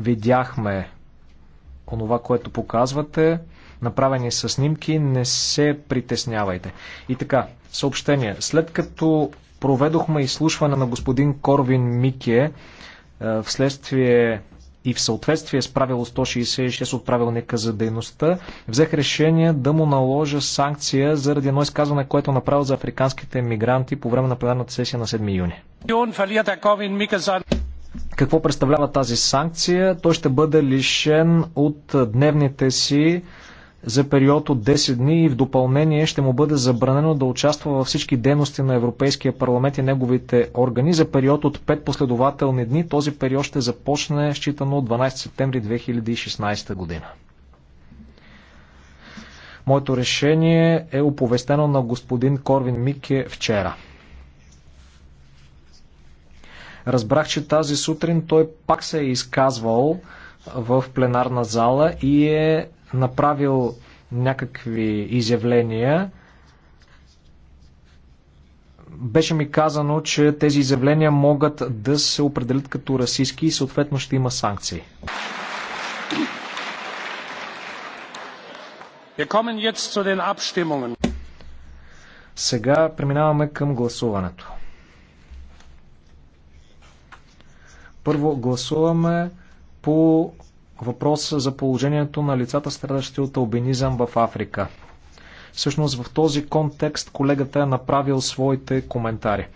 видяхме онова, което показвате. Направени са снимки, не се притеснявайте. И така, съобщение. След като проведохме изслушване на господин Корвин Мике, е, вследствие и в съответствие с правило 166 от правилника за дейността, взех решение да му наложа санкция заради едно изказване, което е направил за африканските мигранти по време на пленарната сесия на 7 юни какво представлява тази санкция, той ще бъде лишен от дневните си за период от 10 дни и в допълнение ще му бъде забранено да участва във всички дейности на Европейския парламент и неговите органи за период от 5 последователни дни. Този период ще започне считано от 12 септември 2016 година. Моето решение е оповестено на господин Корвин Мике вчера. Разбрах, че тази сутрин той пак се е изказвал в пленарна зала и е направил някакви изявления. Беше ми казано, че тези изявления могат да се определят като расистски и съответно ще има санкции. Сега преминаваме към гласуването. Първо гласуваме по въпроса за положението на лицата, страдащи от албинизъм в Африка. Всъщност в този контекст колегата е направил своите коментари.